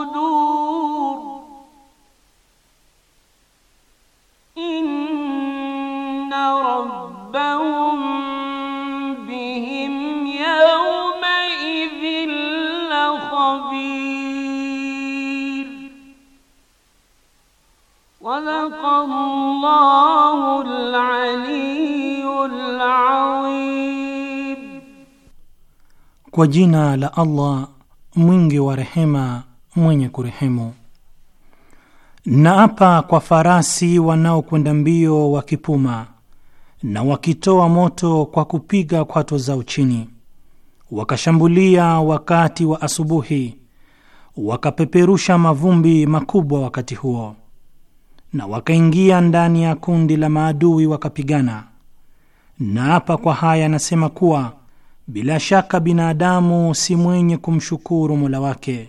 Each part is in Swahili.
الصدور إن ربهم بهم يومئذ لخبير ولق الله العلي العظيم kwa jina la allah mwingi wa rehema mwenye kurehemu. Naapa kwa farasi wanaokwenda mbio wakipuma na wakitoa moto kwa kupiga kwato zao chini, wakashambulia wakati wa asubuhi, wakapeperusha mavumbi makubwa wakati huo, na wakaingia ndani ya kundi la maadui wakapigana. Naapa kwa haya, anasema kuwa bila shaka binadamu si mwenye kumshukuru Mola wake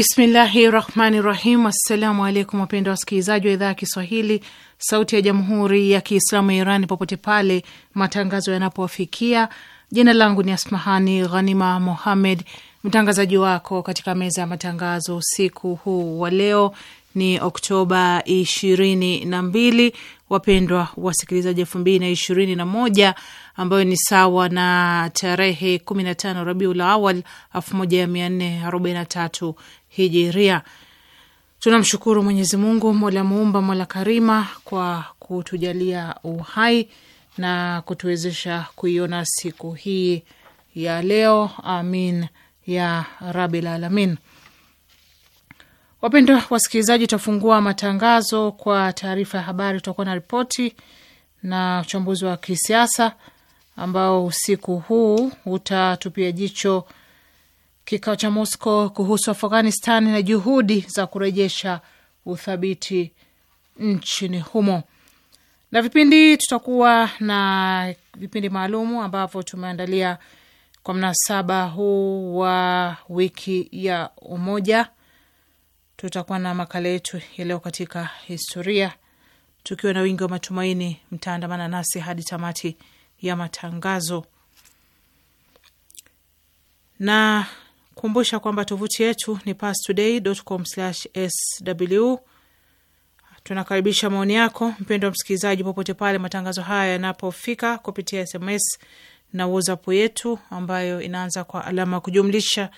Bismillahi rahmani rahim. Assalamu alaikum wapendwa wasikilizaji wa idhaa ya Kiswahili sauti ya jamhuri ya Kiislamu ya Iran popote pale matangazo yanapowafikia. Jina langu ni Asmahani Ghanima Mohammed, mtangazaji wako katika meza ya matangazo usiku huu wa leo ni Oktoba ishirini na mbili, wapendwa wasikilizaji, elfu mbili na ishirini na moja ambayo ni sawa na tarehe kumi na tano Rabiul Awal elfu moja mia nne arobaini na tatu Hijiria. Tunamshukuru Mwenyezi Mungu mola muumba mola karima kwa kutujalia uhai na kutuwezesha kuiona siku hii ya leo. Amin ya rabil alamin. Wapendwa wasikilizaji, tutafungua matangazo kwa taarifa ya habari. Tutakuwa na ripoti na uchambuzi wa kisiasa ambao usiku huu utatupia jicho kikao cha Moscow kuhusu Afghanistan na juhudi za kurejesha uthabiti nchini humo, na vipindi tutakuwa na vipindi maalumu ambavyo tumeandalia kwa mnasaba huu wa wiki ya umoja tutakuwa na makala yetu ya leo katika historia. Tukiwa na wingi wa matumaini, mtaandamana nasi hadi tamati ya matangazo, na kumbusha kwamba tovuti yetu ni pastoday.com/sw. Tunakaribisha maoni yako mpendo wa msikilizaji, popote pale matangazo haya yanapofika kupitia SMS na WhatsApp yetu ambayo inaanza kwa alama ya kujumlisha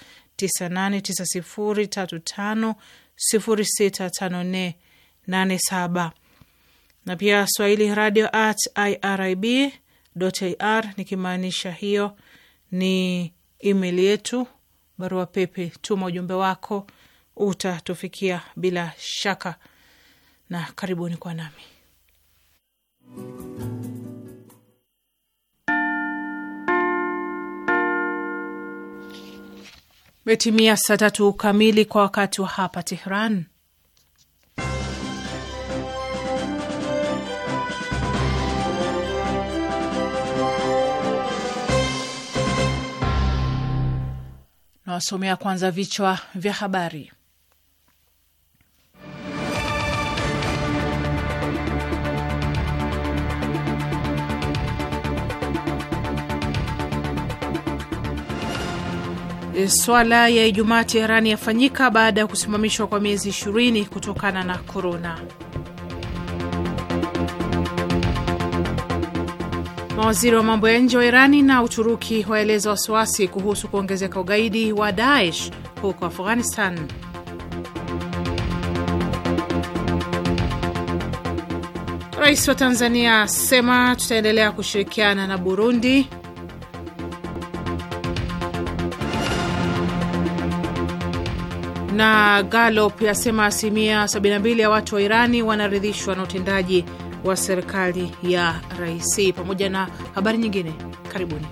tano 065487 na pia swahili radio at irib ir, nikimaanisha hiyo ni email yetu, barua pepe. Tuma ujumbe wako utatufikia bila shaka, na karibuni kwa nami Imetimia saa tatu kamili kwa wakati wa hapa Tehran. Nawasomea kwanza vichwa vya habari. Eh, swala ya Ijumaa Teherani yafanyika baada ya kusimamishwa kwa miezi 20 kutokana na korona. Mawaziri wa mambo ya nje wa Irani na Uturuki waeleza wasiwasi kuhusu kuongezeka ugaidi wa Daesh huko Afghanistan. Rais wa Tanzania asema tutaendelea kushirikiana na Burundi. Na Gallup yasema asilimia 72 ya watu wa Irani wanaridhishwa na utendaji wa serikali ya raisi, pamoja na habari nyingine. Karibuni.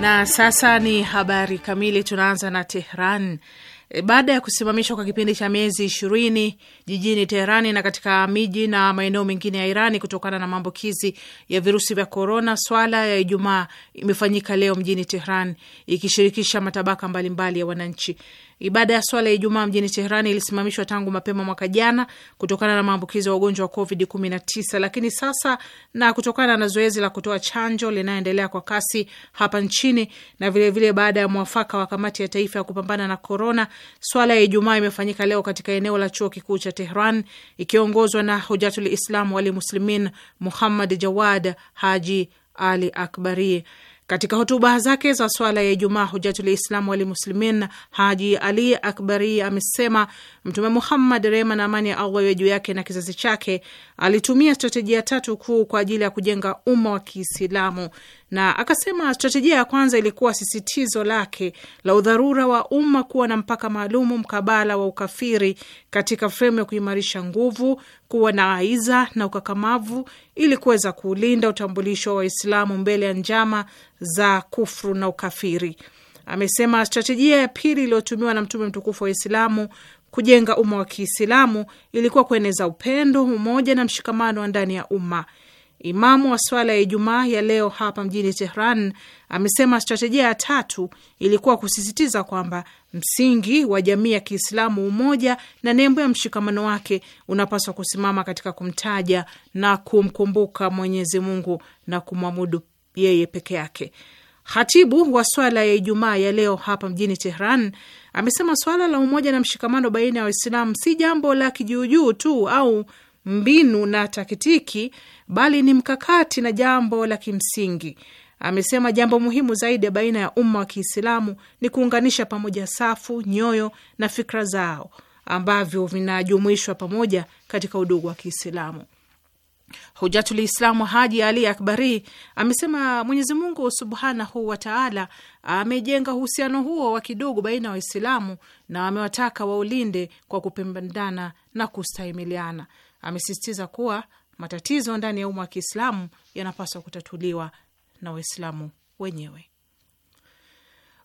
Na sasa ni habari kamili. Tunaanza na Tehran. E, baada ya kusimamishwa kwa kipindi cha miezi ishirini jijini Teherani na katika miji na maeneo mengine ya Irani kutokana na maambukizi ya virusi vya korona, swala ya Ijumaa imefanyika leo mjini Tehran ikishirikisha matabaka mbalimbali mbali ya wananchi. Ibada ya swala ya Ijumaa mjini tehran ilisimamishwa tangu mapema mwaka jana kutokana na maambukizi ya ugonjwa wa Covid 19, lakini sasa na kutokana na zoezi la kutoa chanjo linayoendelea kwa kasi hapa nchini na vilevile vile baada ya mwafaka wa kamati ya taifa ya kupambana na korona, swala ya Ijumaa imefanyika leo katika eneo la chuo kikuu cha Tehran ikiongozwa na Hujatul Islam walimuslimin Muslimin Muhammad Jawad Haji Ali Akbari. Katika hotuba zake za swala ya Ijumaa, Hujatul Islamu Walmuslimin Haji Ali Akbari amesema Mtume Muhammad, rehma na amani ya Allah iwe juu yake na kizazi chake, alitumia stratejia tatu kuu kwa ajili ya kujenga umma wa Kiislamu na akasema stratejia ya kwanza ilikuwa sisitizo lake la udharura wa umma kuwa na mpaka maalumu mkabala wa ukafiri katika fremu ya kuimarisha nguvu, kuwa na aiza na ukakamavu ili kuweza kuulinda utambulisho wa Waislamu mbele ya njama za kufru na ukafiri. Amesema stratejia ya pili iliyotumiwa na Mtume mtukufu wa Waislamu kujenga umma wa Kiislamu ilikuwa kueneza upendo, umoja na mshikamano wa ndani ya umma. Imamu wa swala ya Ijumaa ya leo hapa mjini Tehran amesema strategia ya tatu ilikuwa kusisitiza kwamba msingi wa jamii ya Kiislamu, umoja na nembo ya mshikamano wake, unapaswa kusimama katika kumtaja na kumkumbuka Mwenyezi Mungu na kumwabudu yeye peke yake. Hatibu wa swala ya Ijumaa ya leo hapa mjini Tehran amesema swala la umoja na mshikamano baina ya Waislamu si jambo la kijuujuu tu au mbinu na taktiki, bali ni mkakati na jambo la kimsingi. Amesema jambo muhimu zaidi ya baina ya umma wa Kiislamu ni kuunganisha pamoja safu, nyoyo na fikra zao ambavyo vinajumuishwa pamoja katika udugu wa Kiislamu. Hujatulislamu Haji Ali Akbari amesema Mwenyezi Mungu subhanahu wataala amejenga uhusiano huo wa kidugu baina ya Waislamu na amewataka waulinde kwa kupendana na kustahimiliana. Amesisitiza kuwa matatizo ndani ya umma wa Kiislamu yanapaswa kutatuliwa na Waislamu wenyewe.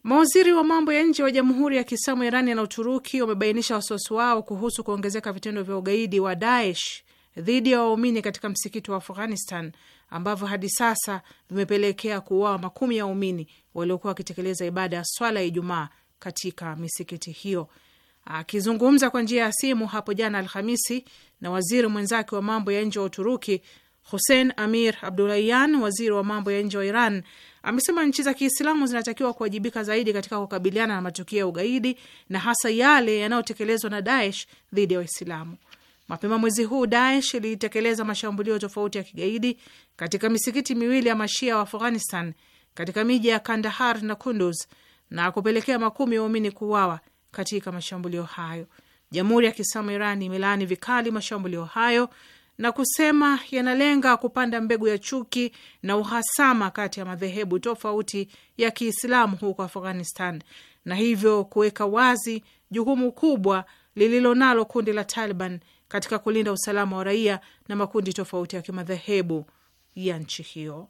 Mawaziri wa mambo ya nje wa Jamhuri ya Kiislamu ya Irani na Uturuki wamebainisha wasiwasi wao kuhusu kuongezeka vitendo vya ugaidi wa Daesh dhidi ya waumini katika msikiti wa Afghanistan ambavyo hadi sasa vimepelekea kuuawa makumi ya waumini waliokuwa wakitekeleza ibada ya swala ya Ijumaa katika misikiti hiyo. Akizungumza kwa njia ya simu hapo jana Alhamisi na waziri mwenzake wa mambo ya nje wa Uturuki Hussein Amir Abdulayan, waziri wa mambo ya nje wa Iran, amesema nchi za Kiislamu zinatakiwa kuwajibika zaidi katika kukabiliana na matukio ya ugaidi na hasa yale yanayotekelezwa na Daesh dhidi ya Waislamu. Mapema mwezi huu Daesh ilitekeleza mashambulio tofauti ya kigaidi katika misikiti miwili ya mashia wa Afghanistan katika miji ya Kandahar na Kunduz na kupelekea makumi ya waumini kuuawa katika mashambulio hayo. Jamhuri ya Kiislamu Iran imelaani vikali mashambulio hayo na kusema yanalenga kupanda mbegu ya chuki na uhasama kati ya madhehebu tofauti ya Kiislamu huko Afghanistan na hivyo kuweka wazi jukumu kubwa lililonalo kundi la Taliban katika kulinda usalama wa raia na makundi tofauti ya kimadhehebu ya nchi hiyo.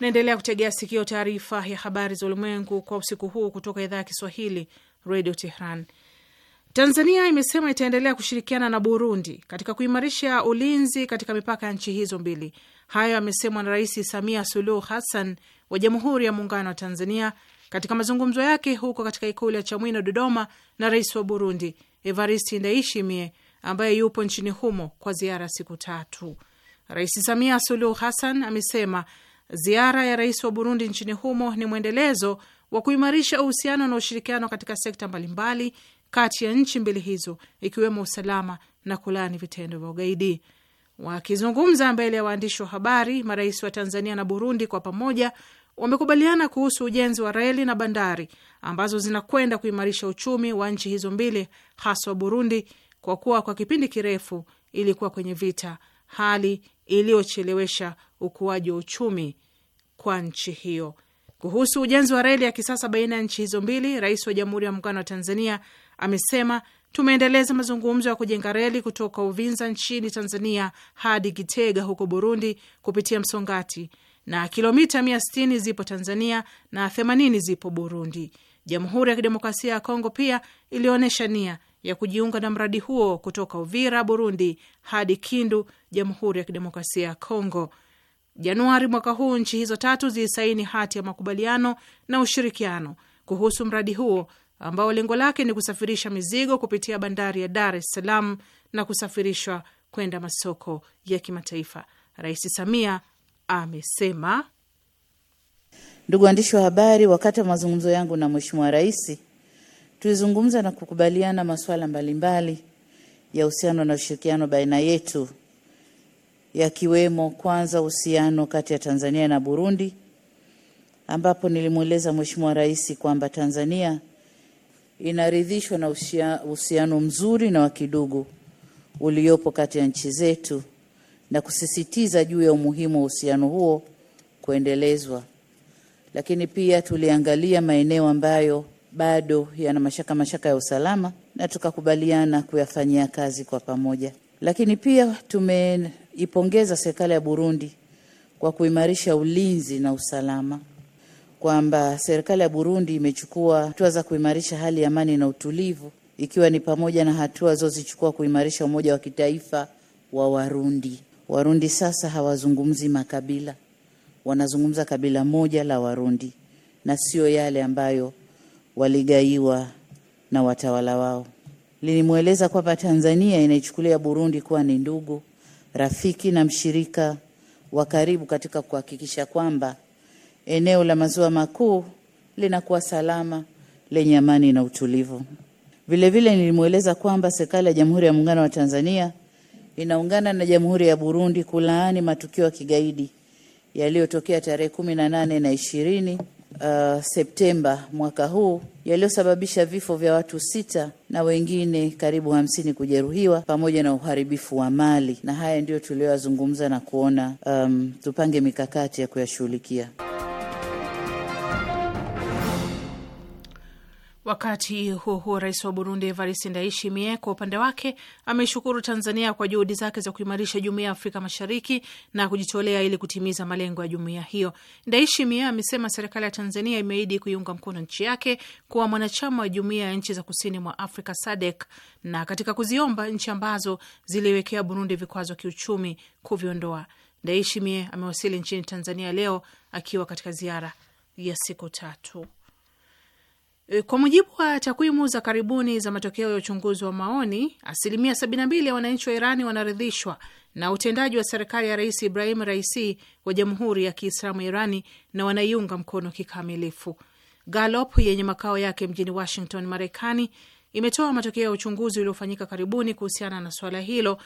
Naendelea kutegea sikio taarifa ya habari za ulimwengu kwa usiku huu kutoka idhaa ya Kiswahili Radio Tehran. Tanzania imesema itaendelea kushirikiana na Burundi katika kuimarisha ulinzi katika mipaka ya nchi hizo mbili. Hayo amesemwa na Rais Samia Suluhu Hassan wa Jamhuri ya Muungano wa Tanzania katika mazungumzo yake huko katika Ikulu ya Chamwino, Dodoma, na rais wa Burundi Evaristi Ndaishimie ambaye yupo nchini humo kwa ziara siku tatu. Rais Samia Suluhu Hassan amesema Ziara ya rais wa Burundi nchini humo ni mwendelezo wa kuimarisha uhusiano na ushirikiano katika sekta mbalimbali kati ya nchi mbili hizo ikiwemo usalama na kulani vitendo vya ugaidi. Wakizungumza mbele ya waandishi wa habari, marais wa Tanzania na Burundi kwa pamoja wamekubaliana kuhusu ujenzi wa reli na bandari ambazo zinakwenda kuimarisha uchumi wa nchi hizo mbili, haswa Burundi, kwa kuwa kwa kipindi kirefu ilikuwa kwenye vita, hali iliyochelewesha ukuaji wa uchumi kwa nchi hiyo. Kuhusu ujenzi wa reli ya kisasa baina ya nchi hizo mbili, rais wa Jamhuri ya Muungano wa Tanzania amesema tumeendeleza mazungumzo ya kujenga reli kutoka Uvinza nchini Tanzania hadi Gitega huko Burundi kupitia Msongati, na kilomita 160 zipo Tanzania na 80 zipo Burundi. Jamhuri ya Kidemokrasia ya Kongo pia ilionyesha nia ya kujiunga na mradi huo kutoka Uvira, Burundi, hadi Kindu, Jamhuri ya Kidemokrasia ya Kongo. Januari mwaka huu nchi hizo tatu zilisaini hati ya makubaliano na ushirikiano kuhusu mradi huo ambao lengo lake ni kusafirisha mizigo kupitia bandari ya Dar es Salaam na kusafirishwa kwenda masoko ya kimataifa. Rais Samia amesema. Ndugu waandishi wa habari, wakati wa mazungumzo yangu na Mheshimiwa Rais tulizungumza na kukubaliana masuala mbalimbali ya uhusiano na ushirikiano baina yetu yakiwemo kwanza, uhusiano kati ya Tanzania na Burundi, ambapo nilimweleza Mheshimiwa Rais kwamba Tanzania inaridhishwa na uhusiano mzuri na wa kidugu uliopo kati ya nchi zetu na kusisitiza juu ya umuhimu wa uhusiano huo kuendelezwa. Lakini pia tuliangalia maeneo ambayo bado yana mashaka mashaka ya usalama, na tukakubaliana kuyafanyia kazi kwa pamoja. Lakini pia tumeipongeza serikali ya Burundi kwa kuimarisha ulinzi na usalama, kwamba serikali ya Burundi imechukua hatua za kuimarisha hali ya amani na utulivu, ikiwa ni pamoja na hatua zozichukua kuimarisha umoja wa kitaifa wa Warundi. Warundi sasa hawazungumzi makabila, wanazungumza kabila moja la Warundi na sio yale ambayo waligaiwa na watawala wao. Lilimweleza kwamba Tanzania inaichukulia Burundi kuwa ni ndugu, rafiki na mshirika wa karibu katika kuhakikisha kwamba eneo la maziwa makuu linakuwa salama, lenye amani na utulivu. Vilevile nilimweleza kwamba serikali ya Jamhuri ya Muungano wa Tanzania inaungana na Jamhuri ya Burundi kulaani matukio ya kigaidi yaliyotokea tarehe kumi na nane na ishirini uh, Septemba mwaka huu yaliyosababisha vifo vya watu sita na wengine karibu hamsini kujeruhiwa pamoja na uharibifu wa mali, na haya ndiyo tuliyoyazungumza na kuona um, tupange mikakati ya kuyashughulikia. Wakati huo huo, rais wa Burundi Evariste Ndayishimiye kwa upande wake ameshukuru Tanzania kwa juhudi zake za kuimarisha jumuiya ya Afrika Mashariki na kujitolea ili kutimiza malengo ya jumuiya hiyo. Ndayishimiye amesema serikali ya Tanzania imeahidi kuiunga mkono nchi yake kuwa mwanachama wa jumuiya ya nchi za kusini mwa Afrika SADC na katika kuziomba nchi ambazo ziliwekea Burundi vikwazo kiuchumi kuviondoa. Ndayishimiye amewasili nchini Tanzania leo akiwa katika ziara ya siku tatu. E, kwa mujibu wa takwimu za karibuni za matokeo ya uchunguzi wa maoni, asilimia 72 ya wananchi wa Irani wanaridhishwa na utendaji wa serikali ya Rais Ibrahim Raisi wa Jamhuri ya Kiislamu Irani na wanaiunga mkono kikamilifu. Galop yenye makao yake mjini Washington, Marekani, imetoa matokeo ya uchunguzi uliofanyika karibuni kuhusiana na swala hilo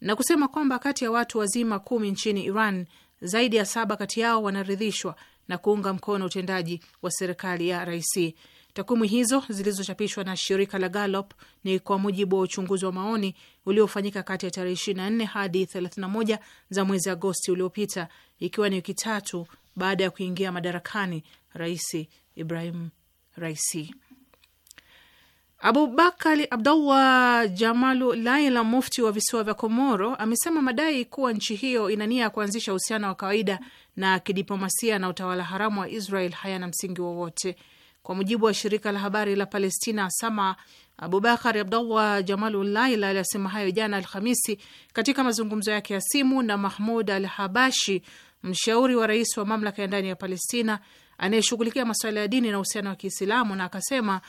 na kusema kwamba kati ya watu wazima kumi nchini Iran, zaidi ya saba kati yao wanaridhishwa na kuunga mkono utendaji wa serikali ya Raisi. Takwimu hizo zilizochapishwa na shirika la Gallup ni kwa mujibu wa uchunguzi wa maoni uliofanyika kati ya tarehe 24 hadi 31 za mwezi Agosti uliopita, ikiwa ni wiki tatu baada ya kuingia madarakani Rais Ibrahim Raisi. Abubakari Abdallah Jamalu Laila, mufti wa visiwa vya Komoro, amesema madai kuwa nchi hiyo ina nia ya kuanzisha uhusiano wa kawaida na kidiplomasia na utawala haramu wa Israel hayana msingi wowote. Kwa mujibu wa shirika la habari la Palestina Sama, Abubakar Abdullah jamalulail aliyasema hayo jana Alhamisi katika mazungumzo yake ya simu na Mahmud Al Habashi, mshauri wa rais wa mamlaka ya ndani ya Palestina anayeshughulikia masuala ya dini na uhusiano wa Kiislamu, na akasema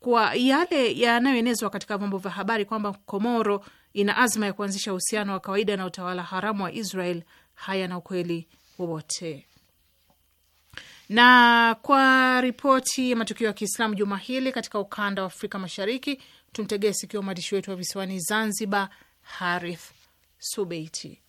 kwa yale yanayoenezwa katika vyombo vya habari kwamba Komoro ina azma ya kuanzisha uhusiano wa kawaida na utawala haramu wa Israel hayana ukweli wowote. Na kwa ripoti ya matukio ya Kiislamu juma hili katika ukanda wa Afrika Mashariki, tumtegee sikio mwandishi wetu wa visiwani Zanzibar, Harith Subeiti.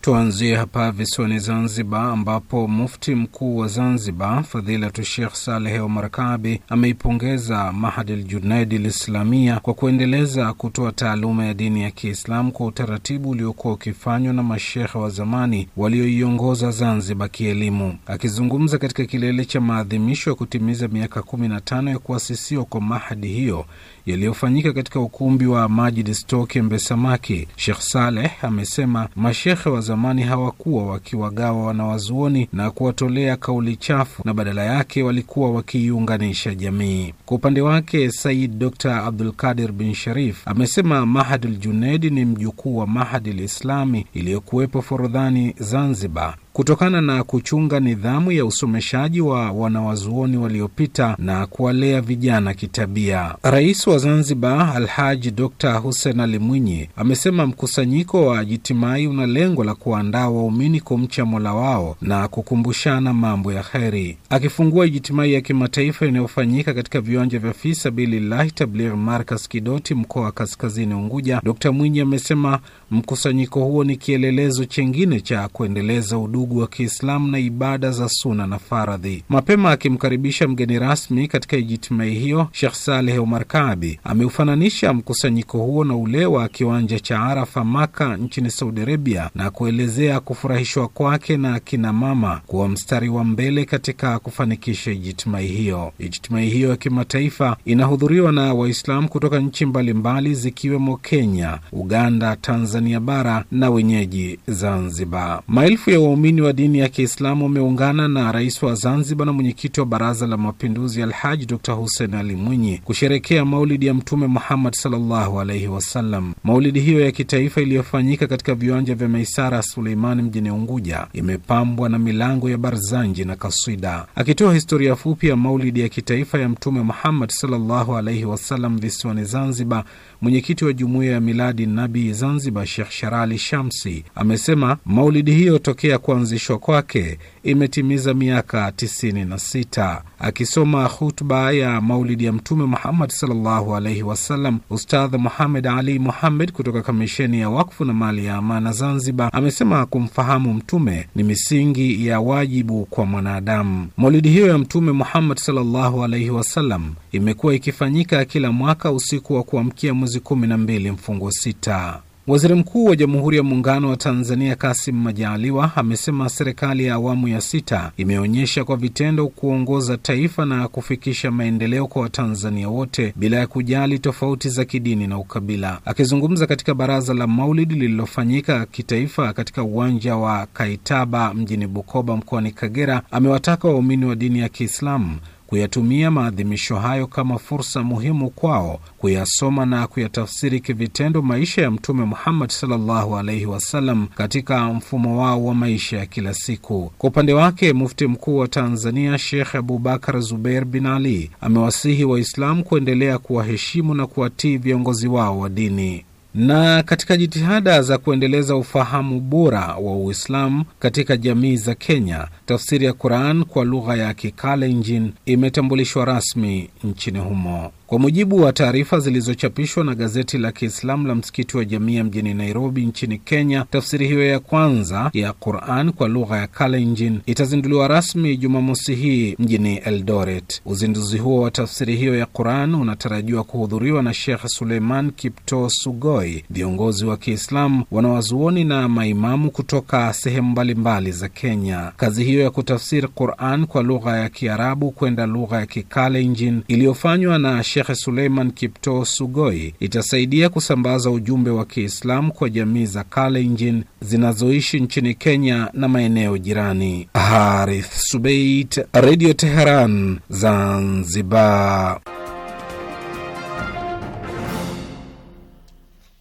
Tuanzie hapa visiwani Zanzibar, ambapo mufti mkuu wa Zanzibar Fadhilatu Shekh Saleh Omar Kabi ameipongeza Mahadil Junaid Lislamia kwa kuendeleza kutoa taaluma ya dini ya Kiislamu kwa utaratibu uliokuwa ukifanywa na mashekhe wa zamani walioiongoza Zanzibar kielimu. Akizungumza katika kilele cha maadhimisho ya kutimiza miaka kumi na tano ya kuasisiwa kwa mahadi hiyo yaliyofanyika katika ukumbi wa Majid Stoke Mbesamaki. Sheikh Saleh amesema mashekhe wa zamani hawakuwa wakiwagawa wanawazuoni na kuwatolea kauli chafu, na badala yake walikuwa wakiiunganisha jamii. Kwa upande wake, Said Dr Abdulkadir bin Sharif amesema Mahadul Junedi ni mjukuu wa mahadi Islami iliyokuwepo Forodhani, Zanzibar kutokana na kuchunga nidhamu ya usomeshaji wa wanawazuoni waliopita na kuwalea vijana kitabia. Rais wa Zanzibar Alhaji Dr Hussein Ali Mwinyi amesema mkusanyiko wa Jitimai una lengo la kuandaa waumini kumcha Mola wao na kukumbushana mambo ya kheri. Akifungua Ijitimai ya kimataifa inayofanyika katika viwanja vya Fisabilillahi sabilillahi Tabligh Markas Kidoti, mkoa wa Kaskazini Unguja, Dr Mwinyi amesema mkusanyiko huo ni kielelezo chengine cha kuendeleza udugu udugu wa Kiislamu na ibada za suna na faradhi. Mapema akimkaribisha mgeni rasmi katika ijitimai hiyo, Shekh Saleh Omar Kabi ameufananisha mkusanyiko huo na ule wa kiwanja cha Arafa Maka nchini Saudi Arabia na kuelezea kufurahishwa kwake na akina mama kuwa mstari wa mbele katika kufanikisha ijitimai hiyo. Ijitimai hiyo ya kimataifa inahudhuriwa na Waislamu kutoka nchi mbalimbali zikiwemo Kenya, Uganda, Tanzania bara na wenyeji Zanzibar. Maelfu ya waumini waumini wa dini ya Kiislamu wameungana na rais wa Zanzibar na mwenyekiti wa Baraza la Mapinduzi Alhaji Dr Hussein Ali Mwinyi kusherekea maulidi ya Mtume Muhammad sallallahu alaihi wasallam. Maulidi hiyo ya kitaifa iliyofanyika katika viwanja vya Maisara Suleimani mjini Unguja imepambwa na milango ya barzanji na kaswida. Akitoa historia fupi ya maulidi ya kitaifa ya Mtume Muhammad sallallahu alaihi wasallam visiwani Zanzibar, Mwenyekiti wa jumuiya ya Miladi nabi Zanzibar, shekh Sharali Shamsi amesema maulidi hiyo tokea kuanzishwa kwake imetimiza miaka 96. Akisoma hutuba ya maulidi ya Mtume Muhammad sallallahu alaihi wasallam, Ustadh Muhamed Ali Muhamed kutoka Kamisheni ya Wakfu na Mali ya Amana Zanzibar amesema kumfahamu Mtume ni misingi ya wajibu kwa mwanadamu. Maulidi hiyo ya Mtume Muhammad sallallahu alaihi wasallam imekuwa ikifanyika kila mwaka usiku wa kuamkia mwezi kumi na mbili mfungo sita. Waziri Mkuu wa Jamhuri ya Muungano wa Tanzania Kassim Majaliwa amesema serikali ya awamu ya sita imeonyesha kwa vitendo kuongoza taifa na kufikisha maendeleo kwa Watanzania wote bila ya kujali tofauti za kidini na ukabila. Akizungumza katika baraza la Maulid lililofanyika kitaifa katika uwanja wa Kaitaba mjini Bukoba mkoani Kagera, amewataka waumini wa dini ya Kiislamu kuyatumia maadhimisho hayo kama fursa muhimu kwao kuyasoma na kuyatafsiri kivitendo maisha ya Mtume Muhammad sallallahu alaihi wasallam katika mfumo wao wa maisha ya kila siku. Kwa upande wake, mufti mkuu wa Tanzania Sheikh Abubakar Zubeir bin Ali amewasihi Waislamu kuendelea kuwaheshimu na kuwatii viongozi wao wa dini. Na katika jitihada za kuendeleza ufahamu bora wa Uislamu katika jamii za Kenya, tafsiri ya Quran kwa lugha ya Kikalenjin imetambulishwa rasmi nchini humo. Kwa mujibu wa taarifa zilizochapishwa na gazeti la Kiislamu la msikiti wa Jamia mjini Nairobi nchini Kenya, tafsiri hiyo ya kwanza ya Quran kwa lugha ya Kalenjin itazinduliwa rasmi Jumamosi hii mjini Eldoret. Uzinduzi huo wa tafsiri hiyo ya Quran unatarajiwa kuhudhuriwa na Shekh Suleiman Kipto Sugoi, viongozi wa Kiislamu, wanawazuoni na maimamu kutoka sehemu mbalimbali za Kenya. Kazi hiyo ya kutafsiri Quran kwa lugha ya Kiarabu kwenda lugha ya Kikalenjin iliyofanywa na Shekhe Suleiman kipto Sugoi itasaidia kusambaza ujumbe wa Kiislamu kwa jamii za Kalenjin zinazoishi nchini Kenya na maeneo jirani. Harith Subeit, Radio Teheran, Zanzibar.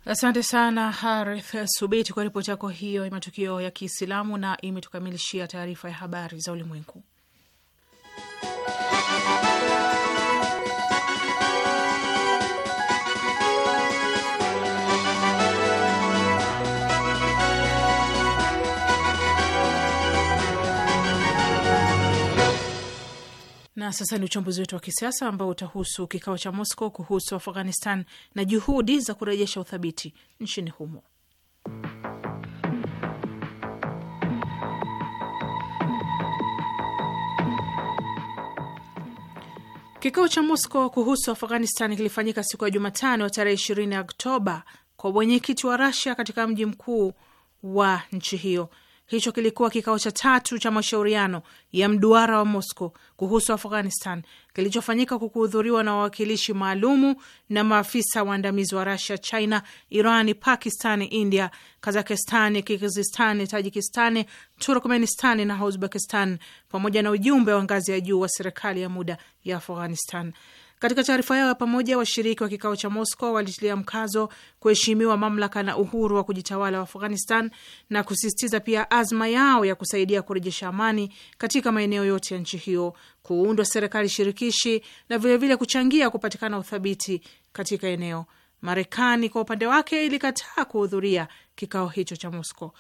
Asante sana Harith Subeit kwa ripoti yako hiyo ya matukio ya Kiislamu, na imetukamilishia taarifa ya habari za ulimwengu. sasa ni uchambuzi wetu wa kisiasa ambao utahusu kikao cha Moscow kuhusu Afghanistan na juhudi za kurejesha uthabiti nchini humo. Kikao cha Moscow kuhusu Afghanistan kilifanyika siku ya Jumatano tarehe ishirini Oktoba kwa wenyekiti wa Rasia katika mji mkuu wa nchi hiyo Hicho kilikuwa kikao cha tatu cha mashauriano ya mduara wa Moscow kuhusu Afghanistan kilichofanyika kwa kuhudhuriwa na wawakilishi maalumu na maafisa waandamizi wa Rusia, China, Irani, Pakistani, India, Kazakistani, Kirgizistani, Tajikistani, Turkmenistani na Uzbekistan, pamoja na ujumbe wa ngazi ya juu wa serikali ya muda ya Afghanistan. Katika taarifa yao ya pamoja, washiriki wa kikao cha Moscow walitilia mkazo kuheshimiwa mamlaka na uhuru wa kujitawala wa Afghanistan na kusisitiza pia azma yao ya kusaidia kurejesha amani katika maeneo yote ya nchi hiyo, kuundwa serikali shirikishi na vilevile vile kuchangia kupatikana uthabiti katika eneo. Marekani kwa upande wake ilikataa kuhudhuria kikao hicho cha Moscow.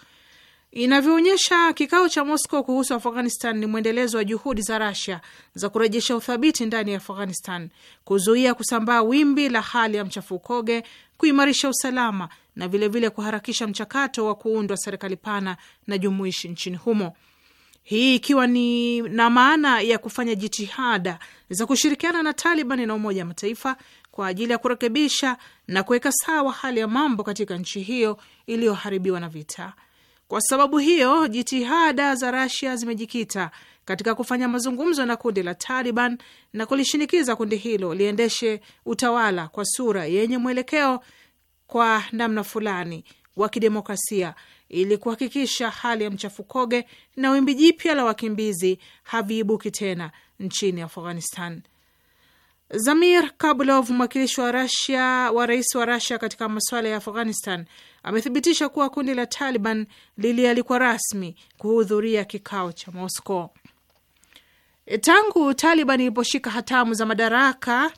Inavyoonyesha, kikao cha Moscow kuhusu Afghanistan ni mwendelezo wa juhudi za Russia za kurejesha uthabiti ndani ya Afghanistan, kuzuia kusambaa wimbi la hali ya mchafukoge, kuimarisha usalama na vilevile vile kuharakisha mchakato wa kuundwa serikali pana na jumuishi nchini humo, hii ikiwa ni na maana ya kufanya jitihada za kushirikiana na Taliban na Umoja wa Mataifa kwa ajili ya kurekebisha na kuweka sawa hali ya mambo katika nchi hiyo iliyoharibiwa na vita. Kwa sababu hiyo, jitihada za Rasia zimejikita katika kufanya mazungumzo na kundi la Taliban na kulishinikiza kundi hilo liendeshe utawala kwa sura yenye mwelekeo kwa namna fulani wa kidemokrasia ili kuhakikisha hali ya mchafukoge na wimbi jipya la wakimbizi haviibuki tena nchini Afghanistan. Zamir Kabulov, mwakilishi wa Rasia wa rais wa Rasia katika masuala ya Afghanistan, amethibitisha kuwa kundi la Taliban lilialikwa rasmi kuhudhuria kikao cha Moscow. E, tangu Taliban iliposhika hatamu za madaraka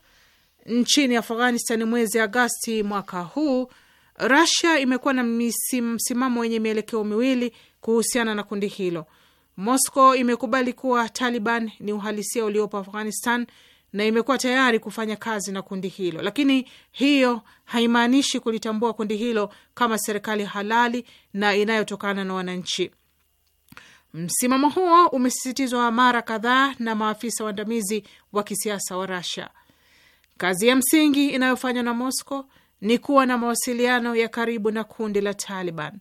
nchini Afghanistan mwezi Agasti mwaka huu, rasia imekuwa na msimamo wenye mielekeo miwili kuhusiana na kundi hilo. Moscow imekubali kuwa Taliban ni uhalisia uliopo Afghanistan na imekuwa tayari kufanya kazi na kundi hilo, lakini hiyo haimaanishi kulitambua kundi hilo kama serikali halali na inayotokana na wananchi. Msimamo huo umesisitizwa mara kadhaa na maafisa waandamizi wa kisiasa wa Russia. Kazi ya msingi inayofanywa na Moscow ni kuwa na mawasiliano ya karibu na kundi la Taliban.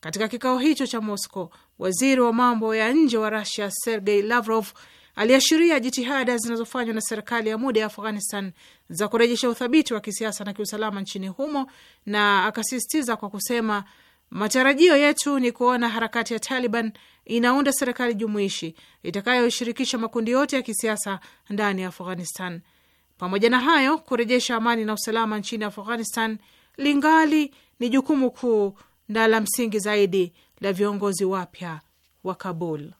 Katika kikao hicho cha Moscow, waziri wa mambo ya nje wa Russia Sergei Lavrov aliashiria jitihada zinazofanywa na serikali ya muda ya Afghanistan za kurejesha uthabiti wa kisiasa na kiusalama nchini humo, na akasisitiza kwa kusema, matarajio yetu ni kuona harakati ya Taliban inaunda serikali jumuishi itakayoshirikisha makundi yote ya kisiasa ndani ya Afghanistan. Pamoja na hayo, kurejesha amani na usalama nchini Afghanistan lingali ni jukumu kuu na la msingi zaidi la viongozi wapya wa Kabul.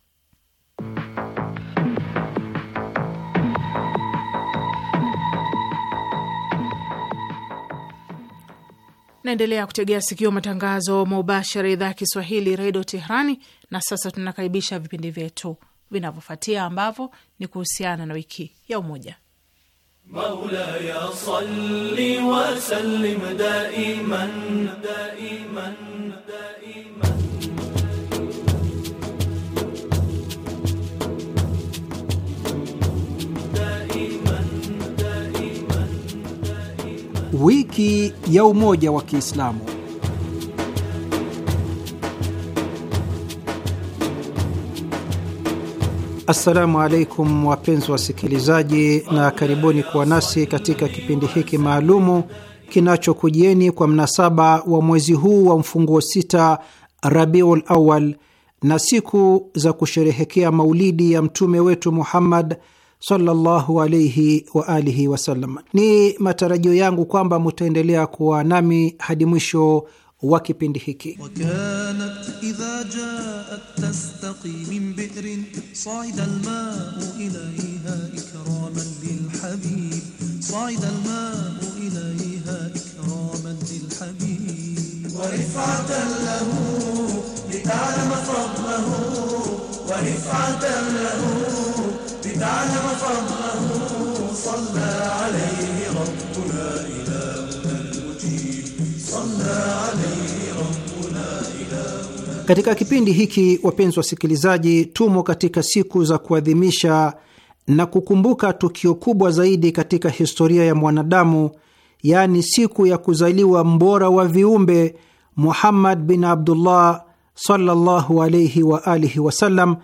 Naendelea kutegea sikio matangazo mubashara idhaa ya Kiswahili redio Teherani. Na sasa tunakaribisha vipindi vyetu vinavyofuatia ambavyo ni kuhusiana na wiki ya Umoja. salli wa sallim daiman, daiman. wiki ya umoja wa Kiislamu. Assalamu alaikum wapenzi wasikilizaji, na karibuni kuwa nasi katika kipindi hiki maalumu kinachokujieni kwa mnasaba wa mwezi huu wa mfunguo sita Rabiul Awal na siku za kusherehekea maulidi ya mtume wetu Muhammad sallallahu alaihi wa alihi wasallam. Ni matarajio yangu kwamba mutaendelea kuwa nami hadi mwisho wa kipindi hiki. Katika kipindi hiki wapenzi wasikilizaji, tumo katika siku za kuadhimisha na kukumbuka tukio kubwa zaidi katika historia ya mwanadamu, yaani siku ya kuzaliwa mbora wa viumbe Muhammad bin Abdullah sallallahu alaihi wa alihi wasallam,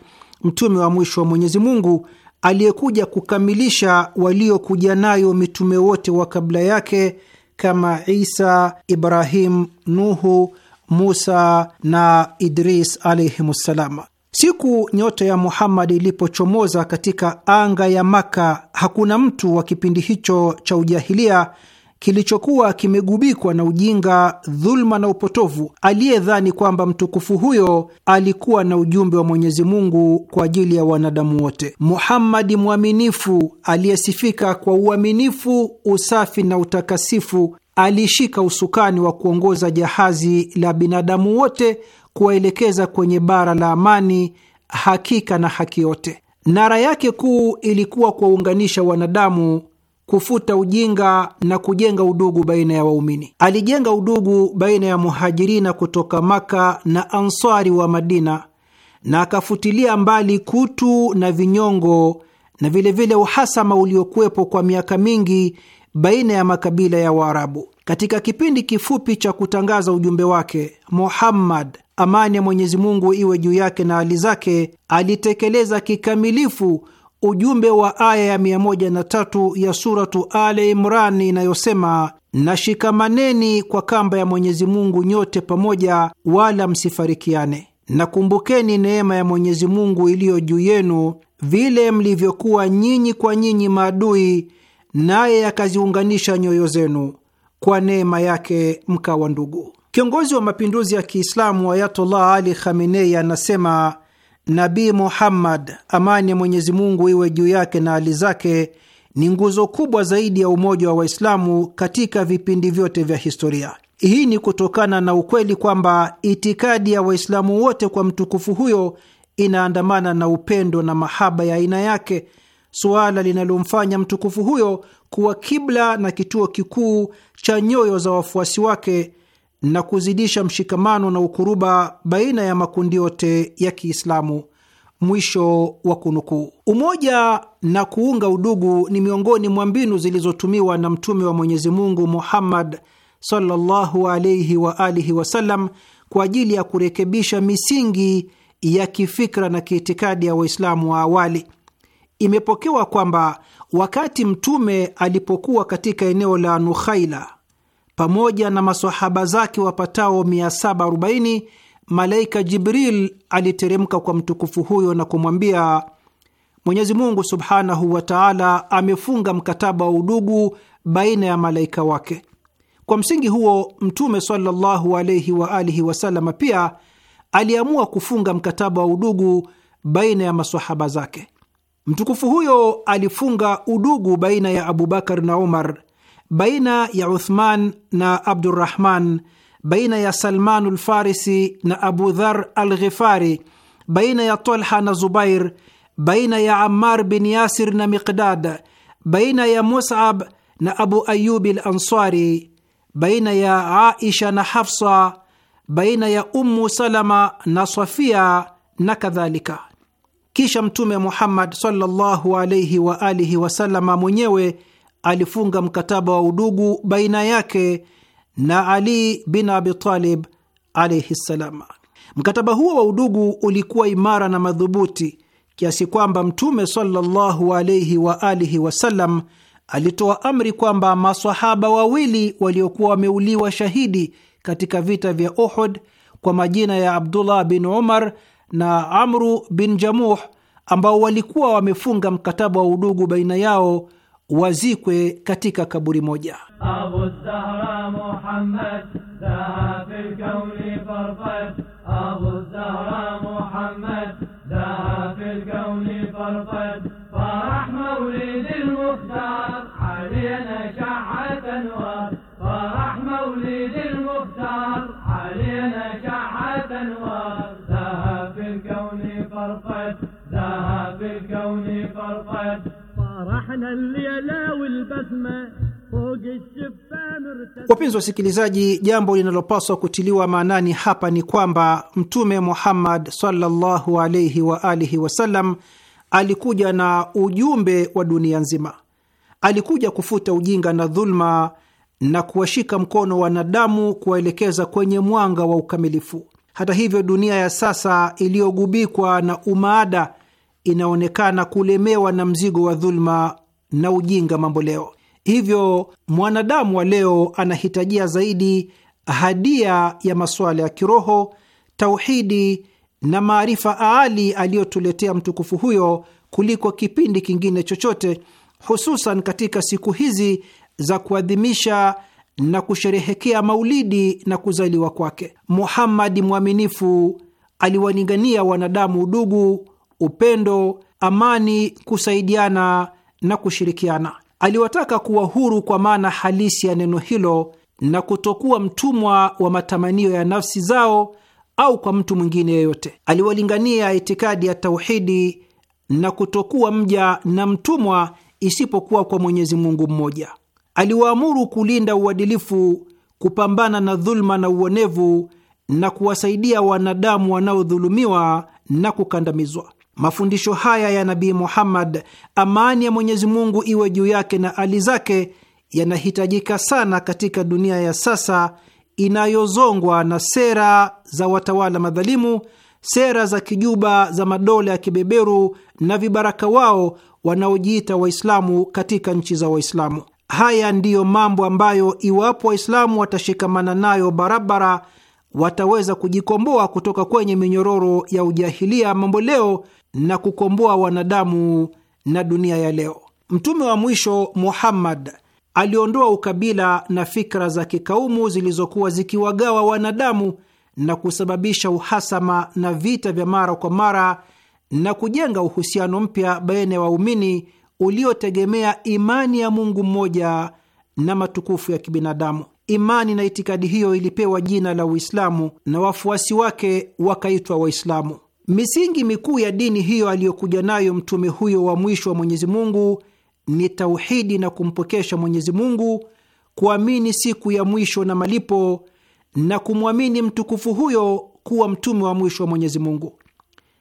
mtume wa mwisho wa Mwenyezi Mungu aliyekuja kukamilisha waliokuja nayo mitume wote wa kabla yake kama Isa, Ibrahim, Nuhu, Musa na Idris alayhimssalam. Siku nyota ya Muhammad ilipochomoza katika anga ya Maka, hakuna mtu wa kipindi hicho cha ujahilia kilichokuwa kimegubikwa na ujinga, dhuluma na upotovu, aliyedhani kwamba mtukufu huyo alikuwa na ujumbe wa Mwenyezi Mungu kwa ajili ya wanadamu wote. Muhammadi mwaminifu, aliyesifika kwa uaminifu, usafi na utakasifu, alishika usukani wa kuongoza jahazi la binadamu wote kuwaelekeza kwenye bara la amani, hakika na haki yote. Nara yake kuu ilikuwa kuwaunganisha wanadamu kufuta ujinga na kujenga udugu baina ya waumini. Alijenga udugu baina ya muhajirina kutoka Maka na Ansari wa Madina, na akafutilia mbali kutu na vinyongo na vilevile vile uhasama uliokuwepo kwa miaka mingi baina ya makabila ya Waarabu. Katika kipindi kifupi cha kutangaza ujumbe wake, Muhammad, amani ya Mwenyezi Mungu iwe juu yake na hali zake, alitekeleza kikamilifu ujumbe wa aya ya 103 ya suratu Ale Imrani inayosema nashikamaneni kwa kamba ya Mwenyezi Mungu nyote pamoja, wala msifarikiane, nakumbukeni neema ya Mwenyezi Mungu iliyo juu yenu, vile mlivyokuwa nyinyi kwa nyinyi maadui, naye akaziunganisha nyoyo zenu kwa neema yake, mkawa ndugu. Kiongozi wa mapinduzi ya Kiislamu Ayatollah Ali Khamenei anasema Nabii Muhammad, amani ya Mwenyezi Mungu iwe juu yake na hali zake, ni nguzo kubwa zaidi ya umoja wa Waislamu katika vipindi vyote vya historia. Hii ni kutokana na ukweli kwamba itikadi ya Waislamu wote kwa mtukufu huyo inaandamana na upendo na mahaba ya aina yake, suala linalomfanya mtukufu huyo kuwa kibla na kituo kikuu cha nyoyo za wafuasi wake na kuzidisha mshikamano na ukuruba baina ya makundi yote ya Kiislamu. Mwisho wa kunukuu. Umoja na kuunga udugu ni miongoni mwa mbinu zilizotumiwa na mtume wa Mwenyezi Mungu Muhammad sallallahu wa alihi wasallam kwa ajili ya kurekebisha misingi ya kifikra na kiitikadi ya Waislamu wa awali. Imepokewa kwamba wakati mtume alipokuwa katika eneo la Nukhaila pamoja na masahaba zake wapatao 740 malaika Jibril aliteremka kwa mtukufu huyo na kumwambia, Mwenyezi Mungu subhanahu wa taala amefunga mkataba wa udugu baina ya malaika wake. Kwa msingi huo, Mtume sallallahu alaihi wa alihi wasalama pia aliamua kufunga mkataba wa udugu baina ya masahaba zake. Mtukufu huyo alifunga udugu baina ya Abubakar na Umar baina ya Uthman na Abdurrahman, baina ya Salmanu Lfarisi na Abu Dhar al Ghifari, baina ya Talha na Zubair, baina ya Ammar bin Yasir na Miqdad, baina ya Musab na Abu Ayubi Lansari, baina ya Aisha na Hafsa, baina ya Ummu Salama na Safia na kadhalika. Kisha Mtume Muhammad sallallahu alaihi wa alihi wasalama mwenyewe alifunga mkataba wa udugu baina yake na Ali bin Abi Talib alaihi ssalam. Mkataba huo wa udugu ulikuwa imara na madhubuti kiasi kwamba Mtume sallallahu alaihi wa alihi wasallam alitoa amri kwamba masahaba wawili waliokuwa wameuliwa shahidi katika vita vya Uhud kwa majina ya Abdullah bin Umar na Amru bin Jamuh ambao walikuwa wamefunga mkataba wa udugu baina yao wazikwe katika kaburi moja. Wapenzi wasikilizaji, jambo linalopaswa kutiliwa maanani hapa ni kwamba Mtume Muhammad sallallahu alaihi wa alihi wasallam alikuja na ujumbe wa dunia nzima. Alikuja kufuta ujinga na dhuluma na kuwashika mkono wanadamu kuwaelekeza kwenye mwanga wa ukamilifu. Hata hivyo, dunia ya sasa iliyogubikwa na umaada inaonekana kulemewa na mzigo wa dhuluma na ujinga mambo leo. Hivyo mwanadamu wa leo anahitajia zaidi hadia ya masuala ya kiroho, tauhidi na maarifa aali aliyotuletea mtukufu huyo kuliko kipindi kingine chochote, hususan katika siku hizi za kuadhimisha na kusherehekea maulidi na kuzaliwa kwake. Muhammadi mwaminifu aliwaningania wanadamu udugu upendo, amani, kusaidiana na kushirikiana. Aliwataka kuwa huru kwa maana halisi ya neno hilo na kutokuwa mtumwa wa matamanio ya nafsi zao au kwa mtu mwingine yeyote. Aliwalingania itikadi ya tauhidi na kutokuwa mja na mtumwa isipokuwa kwa Mwenyezi Mungu mmoja. Aliwaamuru kulinda uadilifu, kupambana na dhuluma na uonevu na kuwasaidia wanadamu wanaodhulumiwa na kukandamizwa. Mafundisho haya ya Nabii Muhammad, amani ya Mwenyezi Mungu iwe juu yake na ali zake, yanahitajika sana katika dunia ya sasa inayozongwa na sera za watawala madhalimu, sera za kijuba za madola ya kibeberu na vibaraka wao wanaojiita Waislamu katika nchi za Waislamu. Haya ndiyo mambo ambayo iwapo Waislamu watashikamana nayo barabara wataweza kujikomboa kutoka kwenye minyororo ya ujahilia mambo leo na kukomboa wanadamu na dunia ya leo. Mtume wa mwisho Muhammad aliondoa ukabila na fikra za kikaumu zilizokuwa zikiwagawa wanadamu na kusababisha uhasama na vita vya mara kwa mara na kujenga uhusiano mpya baina ya waumini uliotegemea imani ya Mungu mmoja na matukufu ya kibinadamu. Imani na itikadi hiyo ilipewa jina la Uislamu na wafuasi wake wakaitwa Waislamu. Misingi mikuu ya dini hiyo aliyokuja nayo mtume huyo wa mwisho wa Mwenyezi Mungu ni tauhidi na kumpokesha Mwenyezi Mungu, kuamini siku ya mwisho na malipo, na kumwamini mtukufu huyo kuwa mtume wa mwisho wa Mwenyezi Mungu.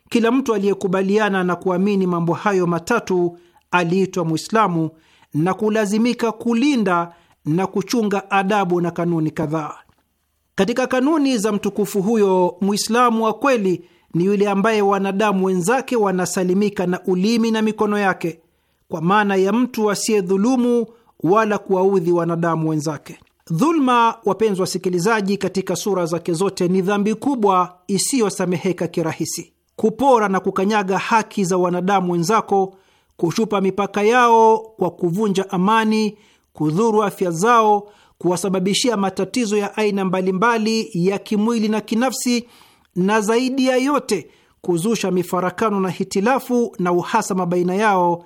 Kila mtu aliyekubaliana na kuamini mambo hayo matatu aliitwa Mwislamu na kulazimika kulinda na kuchunga adabu na kanuni kadhaa. Katika kanuni za mtukufu huyo, Mwislamu wa kweli ni yule ambaye wanadamu wenzake wanasalimika na ulimi na mikono yake, kwa maana ya mtu asiyedhulumu wala kuwaudhi wanadamu wenzake. Dhulma, wapenzi wasikilizaji, katika sura zake zote ni dhambi kubwa isiyosameheka kirahisi. Kupora na kukanyaga haki za wanadamu wenzako, kuchupa mipaka yao kwa kuvunja amani, kudhuru afya zao, kuwasababishia matatizo ya aina mbalimbali ya kimwili na kinafsi na zaidi ya yote kuzusha mifarakano na hitilafu na uhasama baina yao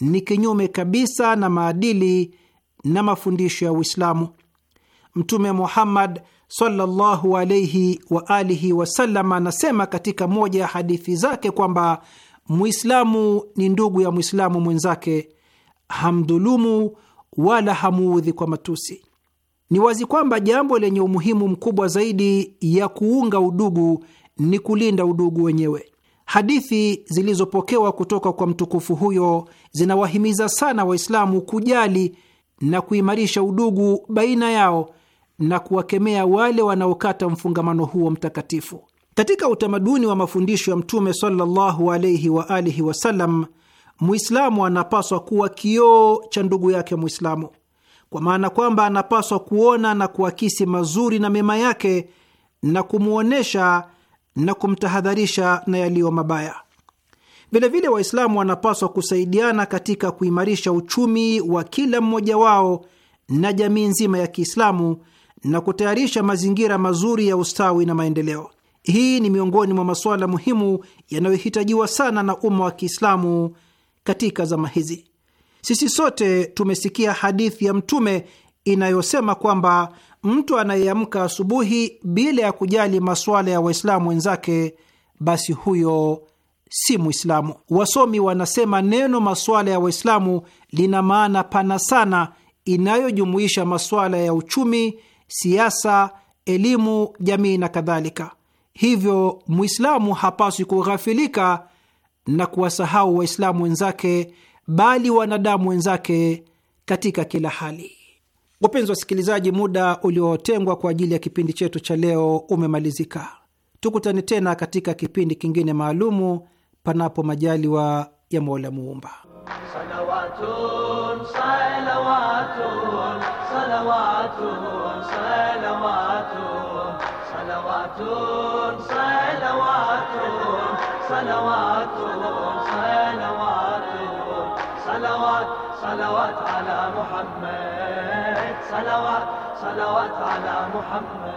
ni kinyume kabisa na maadili na mafundisho ya Uislamu. Mtume Muhammad sallallahu alayhi wa alihi wasallam anasema katika moja ya hadithi zake kwamba Mwislamu ni ndugu ya Mwislamu mwenzake, hamdhulumu wala hamuudhi kwa matusi. Ni wazi kwamba jambo lenye umuhimu mkubwa zaidi ya kuunga udugu ni kulinda udugu wenyewe. Hadithi zilizopokewa kutoka kwa mtukufu huyo zinawahimiza sana Waislamu kujali na kuimarisha udugu baina yao na kuwakemea wale wanaokata mfungamano huo mtakatifu. Katika utamaduni wa mafundisho ya Mtume sallallahu alaihi wa alihi wasallam, Muislamu anapaswa kuwa kioo cha ndugu yake Muislamu kwa maana kwamba anapaswa kuona na kuakisi mazuri na mema yake na kumwonyesha na kumtahadharisha na yaliyo mabaya. Vilevile, Waislamu wanapaswa kusaidiana katika kuimarisha uchumi wa kila mmoja wao na jamii nzima ya Kiislamu na kutayarisha mazingira mazuri ya ustawi na maendeleo. Hii ni miongoni mwa masuala muhimu yanayohitajiwa sana na umma wa Kiislamu katika zama hizi. Sisi sote tumesikia hadithi ya Mtume inayosema kwamba mtu anayeamka asubuhi bila ya kujali masuala ya Waislamu wenzake, basi huyo si Mwislamu. Wasomi wanasema neno masuala ya Waislamu lina maana pana sana inayojumuisha masuala ya uchumi, siasa, elimu, jamii na kadhalika. Hivyo Mwislamu hapaswi kughafilika na kuwasahau Waislamu wenzake bali wanadamu wenzake katika kila hali. Wapenzi wasikilizaji, muda uliotengwa kwa ajili ya kipindi chetu cha leo umemalizika. Tukutane tena katika kipindi kingine maalumu, panapo majaliwa ya Mola Muumba. Salawatun, salawatun, salawatun. صلوات صلوات على محمد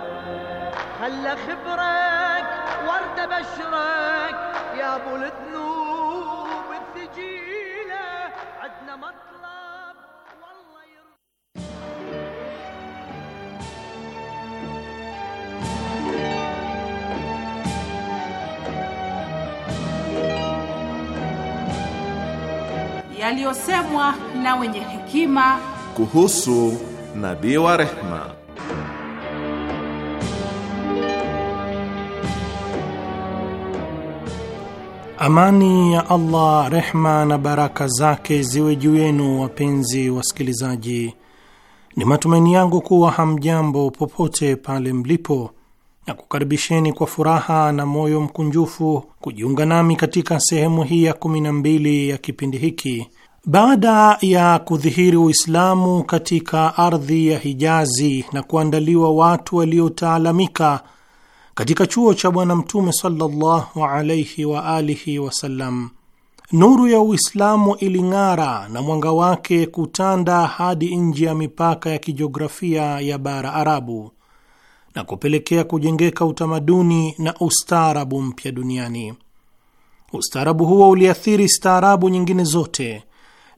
خلى خبرك ورد بشرك يا ابو الذنوب الثجيله عدنا مطلب والله يرضى yaliyosemwa na wenye hekima kuhusu nabii wa rehma. Amani ya Allah, rehma na baraka zake ziwe juu yenu, wapenzi wasikilizaji. Ni matumaini yangu kuwa hamjambo popote pale mlipo, na kukaribisheni kwa furaha na moyo mkunjufu kujiunga nami katika sehemu hii ya 12 ya kipindi hiki baada ya kudhihiri Uislamu katika ardhi ya Hijazi na kuandaliwa watu waliotaalamika katika chuo cha Bwana Mtume sallallahu alaihi wa alihi wasallam, nuru ya Uislamu iling'ara na mwanga wake kutanda hadi nje ya mipaka ya kijiografia ya bara Arabu na kupelekea kujengeka utamaduni na ustaarabu mpya duniani. Ustaarabu huo uliathiri staarabu nyingine zote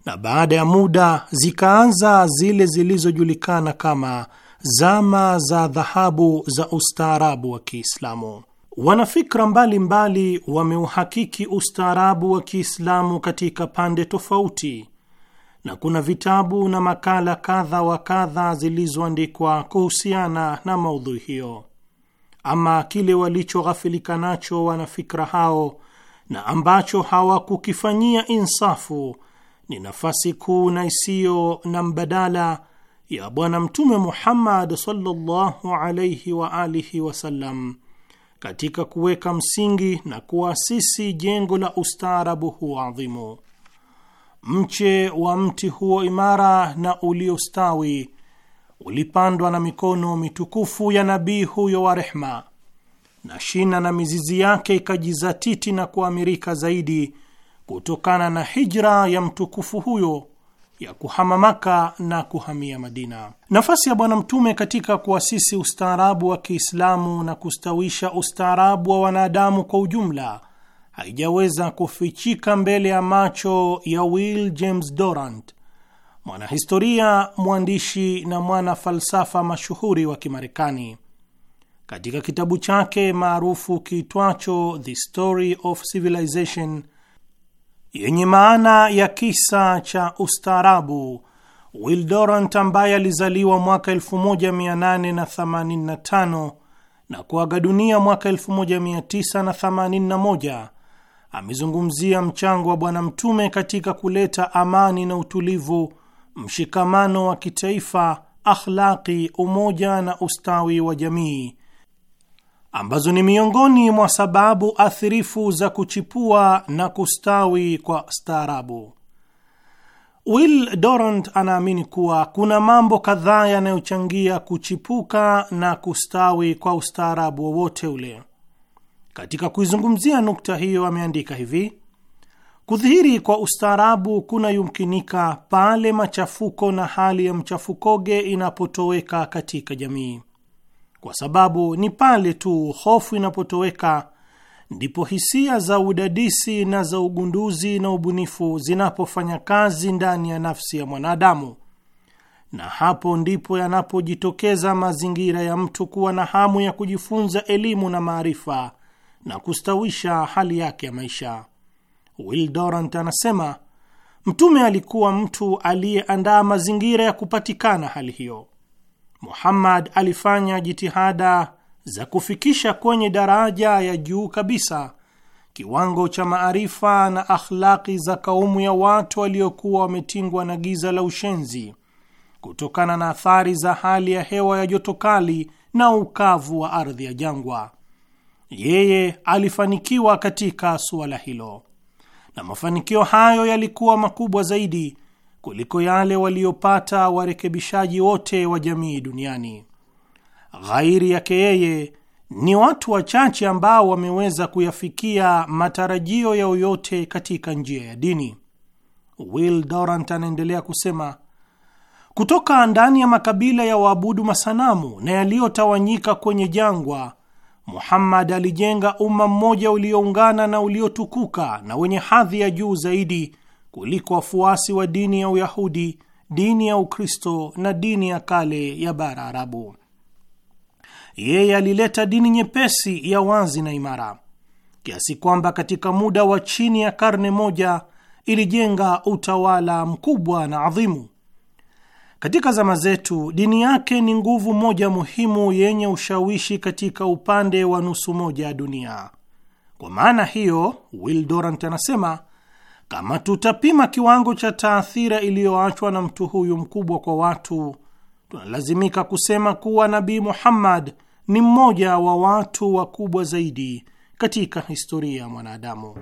na baada ya muda zikaanza zile zilizojulikana kama zama za dhahabu za ustaarabu wa Kiislamu. Wanafikra mbalimbali wameuhakiki ustaarabu wa Kiislamu katika pande tofauti, na kuna vitabu na makala kadha wa kadha zilizoandikwa kuhusiana na maudhui hiyo. Ama kile walichoghafilika nacho wanafikra hao na ambacho hawakukifanyia insafu ni nafasi kuu na isiyo na mbadala ya Bwana Mtume Muhammad sallallahu alayhi wa alihi wasallam katika kuweka msingi na kuasisi jengo la ustaarabu huo adhimu. Mche wa mti huo imara na uliostawi ulipandwa na mikono mitukufu ya nabii huyo wa rehma, na shina na mizizi yake ikajizatiti na kuamirika zaidi kutokana na hijra ya mtukufu huyo ya kuhama Maka na kuhamia Madina. Nafasi ya Bwana Mtume katika kuasisi ustaarabu wa Kiislamu na kustawisha ustaarabu wa wanadamu kwa ujumla haijaweza kufichika mbele ya macho ya Will James Dorant, mwanahistoria, mwandishi na mwana falsafa mashuhuri wa Kimarekani. Katika kitabu chake maarufu kiitwacho The Story of Civilization yenye maana ya kisa cha ustaarabu. Wildorant ambaye alizaliwa mwaka 1885 na kuaga dunia mwaka 1981 amezungumzia mchango wa Bwana Mtume katika kuleta amani na utulivu, mshikamano wa kitaifa, akhlaqi, umoja na ustawi wa jamii ambazo ni miongoni mwa sababu athirifu za kuchipua na kustawi kwa staarabu. Will Dorant anaamini kuwa kuna mambo kadhaa yanayochangia kuchipuka na kustawi kwa ustaarabu wowote ule. Katika kuizungumzia nukta hiyo, ameandika hivi: kudhihiri kwa ustaarabu kuna yumkinika pale machafuko na hali ya mchafukoge inapotoweka katika jamii kwa sababu ni pale tu hofu inapotoweka ndipo hisia za udadisi na za ugunduzi na ubunifu zinapofanya kazi ndani ya nafsi ya mwanadamu, na hapo ndipo yanapojitokeza mazingira ya mtu kuwa na hamu ya kujifunza elimu na maarifa na kustawisha hali yake ya maisha. Will Durant anasema Mtume alikuwa mtu aliyeandaa mazingira ya kupatikana hali hiyo. Muhammad alifanya jitihada za kufikisha kwenye daraja ya juu kabisa kiwango cha maarifa na akhlaki za kaumu ya watu waliokuwa wametingwa na giza la ushenzi kutokana na athari za hali ya hewa ya joto kali na ukavu wa ardhi ya jangwa. Yeye alifanikiwa katika suala hilo, na mafanikio hayo yalikuwa makubwa zaidi kuliko yale waliyopata warekebishaji wote wa jamii duniani. Ghairi yake yeye ni watu wachache ambao wameweza kuyafikia matarajio yao yote katika njia ya dini. Will Dorant anaendelea kusema, kutoka ndani ya makabila ya waabudu masanamu na yaliyotawanyika kwenye jangwa, Muhammad alijenga umma mmoja ulioungana na uliotukuka na wenye hadhi ya juu zaidi kuliko wafuasi wa dini ya Uyahudi, dini ya Ukristo na dini ya kale ya bara Arabu. Yeye alileta dini nyepesi ya wazi na imara kiasi kwamba katika muda wa chini ya karne moja ilijenga utawala mkubwa na adhimu. Katika zama zetu, dini yake ni nguvu moja muhimu yenye ushawishi katika upande wa nusu moja ya dunia. Kwa maana hiyo, Will Durant anasema kama tutapima kiwango cha taathira iliyoachwa na mtu huyu mkubwa kwa watu, tunalazimika kusema kuwa Nabii Muhammad ni mmoja wa watu wakubwa zaidi katika historia ya mwanadamu.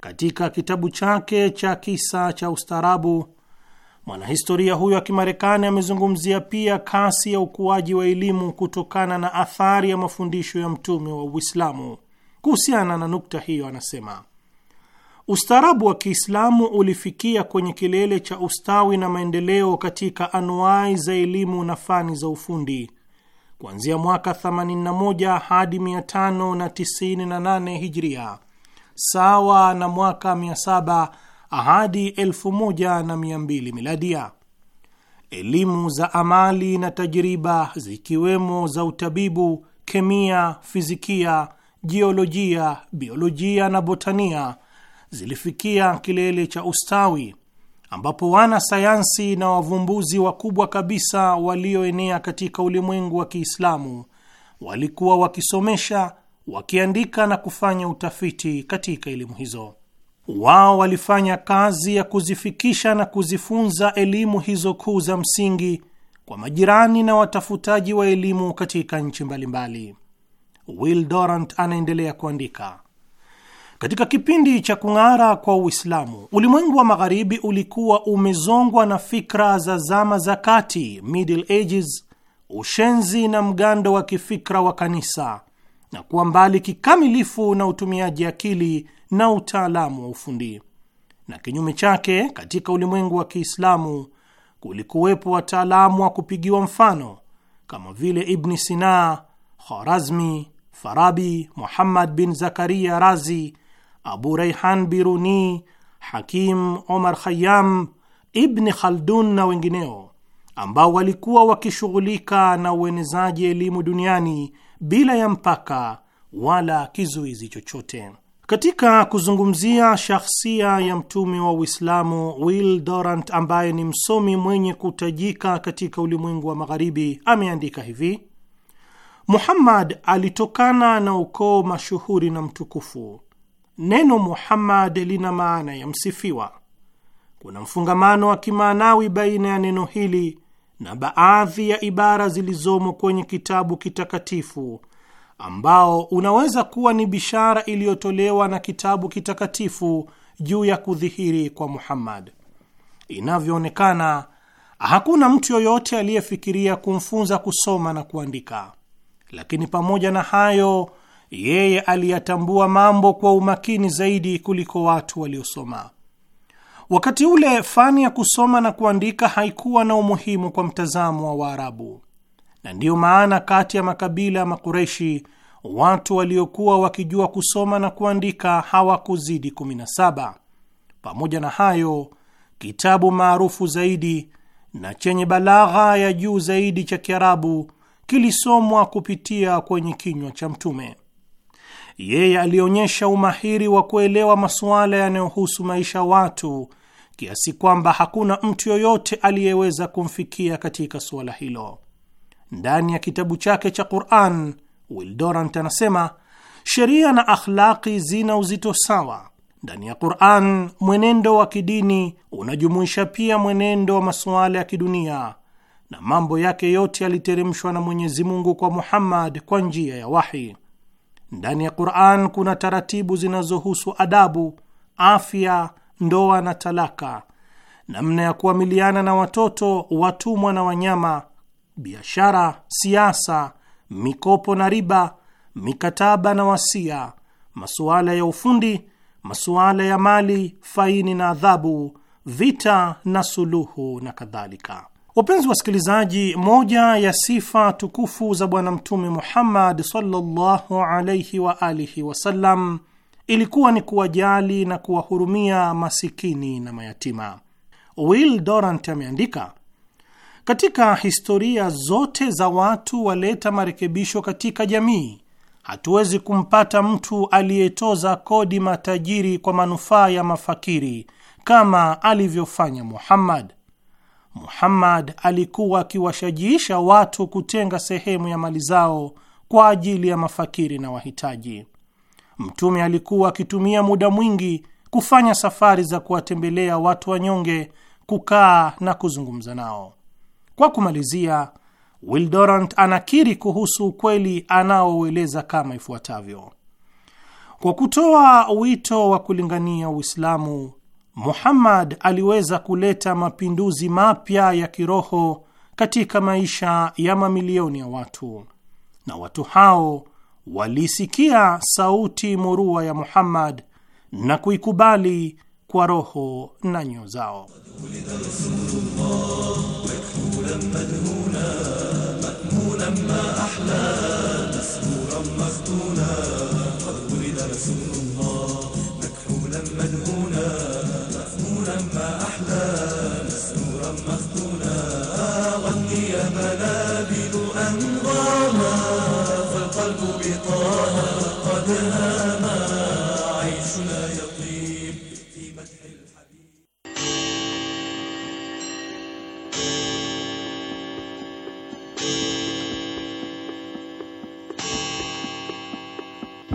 Katika kitabu chake cha kisa cha ustaarabu Mwanahistoria huyo wa Kimarekani amezungumzia pia kasi ya ukuaji wa elimu kutokana na athari ya mafundisho ya mtume wa Uislamu. Kuhusiana na nukta hiyo, anasema ustaarabu wa Kiislamu ulifikia kwenye kilele cha ustawi na maendeleo katika anuai za elimu na fani za ufundi kuanzia mwaka 81 hadi 598 Hijria, sawa na mwaka 700 hadi elfu moja na mia mbili miladia. Elimu za amali na tajriba zikiwemo za utabibu, kemia, fizikia, jiolojia, biolojia na botania zilifikia kilele cha ustawi ambapo wana sayansi na wavumbuzi wakubwa kabisa walioenea katika ulimwengu wa Kiislamu walikuwa wakisomesha, wakiandika na kufanya utafiti katika elimu hizo. Wao walifanya kazi ya kuzifikisha na kuzifunza elimu hizo kuu za msingi kwa majirani na watafutaji wa elimu katika nchi mbalimbali. Will Dorant anaendelea kuandika, katika kipindi cha kung'ara kwa Uislamu, ulimwengu wa magharibi ulikuwa umezongwa na fikra za zama za kati, Middle Ages, ushenzi na mgando wa kifikra wa kanisa na kuwa mbali kikamilifu na utumiaji akili na utaalamu wa ufundi, na kinyume chake, katika ulimwengu wa Kiislamu kulikuwepo wataalamu wa kupigiwa mfano kama vile Ibni Sina, Kharazmi, Farabi, Muhammad bin Zakaria Razi, Abu Raihan Biruni, Hakim Omar khayam Ibni Khaldun na wengineo ambao walikuwa wakishughulika na uenezaji elimu duniani bila ya mpaka wala kizuizi chochote. Katika kuzungumzia shahsia ya mtume wa Uislamu, Will Durant ambaye ni msomi mwenye kutajika katika ulimwengu wa Magharibi ameandika hivi: Muhammad alitokana na ukoo mashuhuri na mtukufu. Neno Muhammad lina maana ya msifiwa. Kuna mfungamano wa kimaanawi baina ya neno hili na baadhi ya ibara zilizomo kwenye kitabu kitakatifu ambao unaweza kuwa ni bishara iliyotolewa na kitabu kitakatifu juu ya kudhihiri kwa Muhammad. Inavyoonekana, hakuna mtu yoyote aliyefikiria kumfunza kusoma na kuandika, lakini pamoja na hayo, yeye aliyatambua mambo kwa umakini zaidi kuliko watu waliosoma. Wakati ule, fani ya kusoma na kuandika haikuwa na umuhimu kwa mtazamo wa Waarabu na ndiyo maana kati ya makabila ya Makureshi watu waliokuwa wakijua kusoma na kuandika hawakuzidi 17. Pamoja na hayo, kitabu maarufu zaidi na chenye balagha ya juu zaidi cha Kiarabu kilisomwa kupitia kwenye kinywa cha Mtume. Yeye alionyesha umahiri wa kuelewa masuala yanayohusu maisha watu kiasi kwamba hakuna mtu yoyote aliyeweza kumfikia katika suala hilo ndani ya kitabu chake cha Quran, Wildorant anasema sheria na akhlaqi zina uzito sawa. Ndani ya Quran mwenendo wa kidini unajumuisha pia mwenendo wa masuala ya kidunia, na mambo yake yote yaliteremshwa na Mwenyezi Mungu kwa Muhammad kwa njia ya wahi. Ndani ya Quran kuna taratibu zinazohusu adabu, afya, ndoa na talaka, namna ya kuamiliana na watoto, watumwa na wanyama biashara, siasa, mikopo na riba, mikataba na wasia, masuala ya ufundi, masuala ya mali, faini na adhabu, vita na suluhu na kadhalika. Wapenzi wasikilizaji, moja ya sifa tukufu za Bwana Mtume Muhammad sallallahu alaihi wa alihi wasallam ilikuwa ni kuwajali na kuwahurumia masikini na mayatima. Will Dorant ameandika katika historia zote za watu waleta marekebisho katika jamii, hatuwezi kumpata mtu aliyetoza kodi matajiri kwa manufaa ya mafakiri kama alivyofanya Muhammad. Muhammad alikuwa akiwashajiisha watu kutenga sehemu ya mali zao kwa ajili ya mafakiri na wahitaji. Mtume alikuwa akitumia muda mwingi kufanya safari za kuwatembelea watu wanyonge, kukaa na kuzungumza nao. Kwa kumalizia, Wildorant anakiri kuhusu ukweli anaoueleza kama ifuatavyo: kwa kutoa wito wa kulingania Uislamu, Muhammad aliweza kuleta mapinduzi mapya ya kiroho katika maisha ya mamilioni ya watu, na watu hao waliisikia sauti murua ya Muhammad na kuikubali kwa roho na nyoyo zao. مدهونا مأمونا ما أحلى مسرورا مختونا قد ولد رسول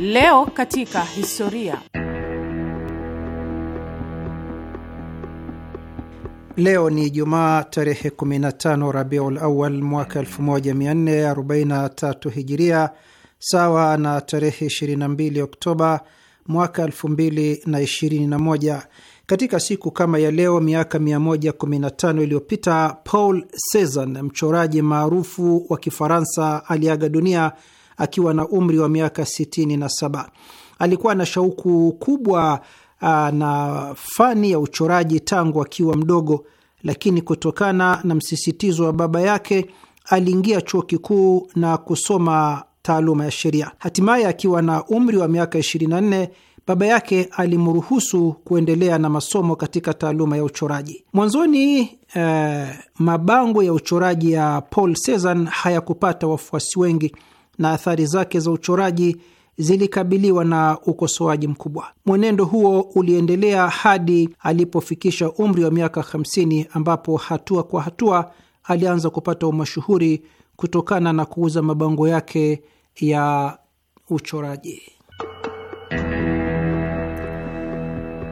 Leo katika historia. Leo ni Jumaa tarehe 15 Rabiul Awal mwaka 1443 Hijiria, sawa na tarehe 22 Oktoba mwaka 2021. Katika siku kama ya leo miaka 115 iliyopita, Paul Cezanne, mchoraji maarufu wa Kifaransa, aliaga dunia akiwa na umri wa miaka 67. Alikuwa na shauku kubwa ah, na fani ya uchoraji tangu akiwa mdogo, lakini kutokana na msisitizo wa baba yake aliingia chuo kikuu na kusoma taaluma ya sheria. Hatimaye akiwa na umri wa miaka 24 baba yake alimruhusu kuendelea na masomo katika taaluma ya uchoraji. Mwanzoni eh, mabango ya uchoraji ya Paul Cezanne hayakupata wafuasi wengi, na athari zake za uchoraji zilikabiliwa na ukosoaji mkubwa. Mwenendo huo uliendelea hadi alipofikisha umri wa miaka 50 ambapo hatua kwa hatua alianza kupata umashuhuri kutokana na kuuza mabango yake ya uchoraji.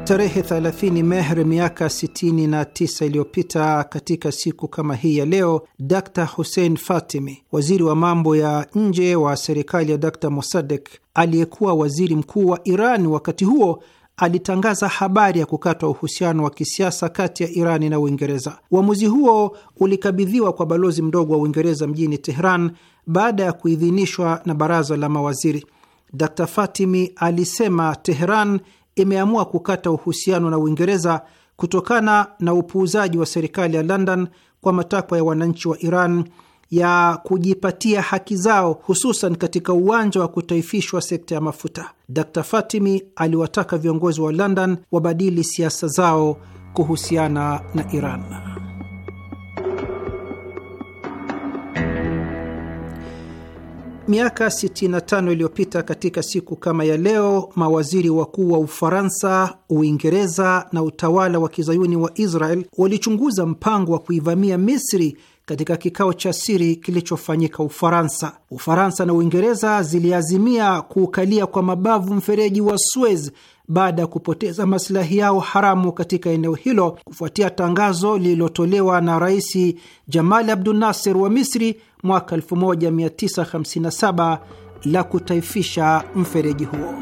Tarehe 30 Mehr miaka 69 iliyopita katika siku kama hii ya leo, Dr Hussein Fatimi, waziri wa mambo ya nje wa serikali ya Dr Mossadek aliyekuwa waziri mkuu wa Iran wakati huo, alitangaza habari ya kukatwa uhusiano wa kisiasa kati ya Irani na Uingereza. Uamuzi huo ulikabidhiwa kwa balozi mdogo wa Uingereza mjini Tehran baada ya kuidhinishwa na baraza la mawaziri. Dr Fatimi alisema Teheran imeamua kukata uhusiano na Uingereza kutokana na upuuzaji wa serikali ya London kwa matakwa ya wananchi wa Iran ya kujipatia haki zao hususan katika uwanja wa kutaifishwa sekta ya mafuta. d Fatimi aliwataka viongozi wa London wabadili siasa zao kuhusiana na Iran. Miaka 65 iliyopita katika siku kama ya leo, mawaziri wakuu wa Ufaransa, Uingereza na utawala wa kizayuni wa Israel walichunguza mpango wa kuivamia Misri katika kikao cha siri kilichofanyika Ufaransa. Ufaransa na Uingereza ziliazimia kuukalia kwa mabavu mfereji wa Suez baada ya kupoteza masilahi yao haramu katika eneo hilo kufuatia tangazo lililotolewa na Rais Jamal Abdu Nasser wa Misri mwaka 1957 la kutaifisha mfereji huo.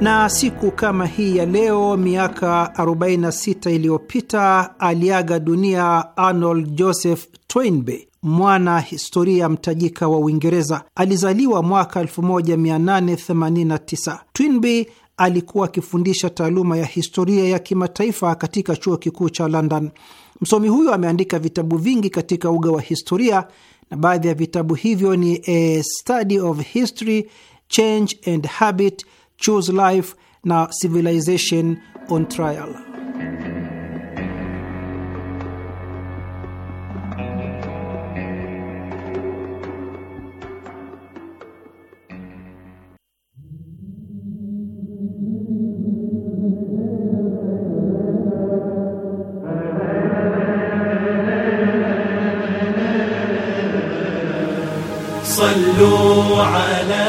Na siku kama hii ya leo miaka 46 iliyopita aliaga dunia Arnold Joseph Toynbee, mwana historia mtajika wa Uingereza. Alizaliwa mwaka 1889. Toynbee alikuwa akifundisha taaluma ya historia ya kimataifa katika chuo kikuu cha London. Msomi huyo ameandika vitabu vingi katika uga wa historia na baadhi ya vitabu hivyo ni A Study of History, Change and Habit, Choose Life na Civilization on Trial.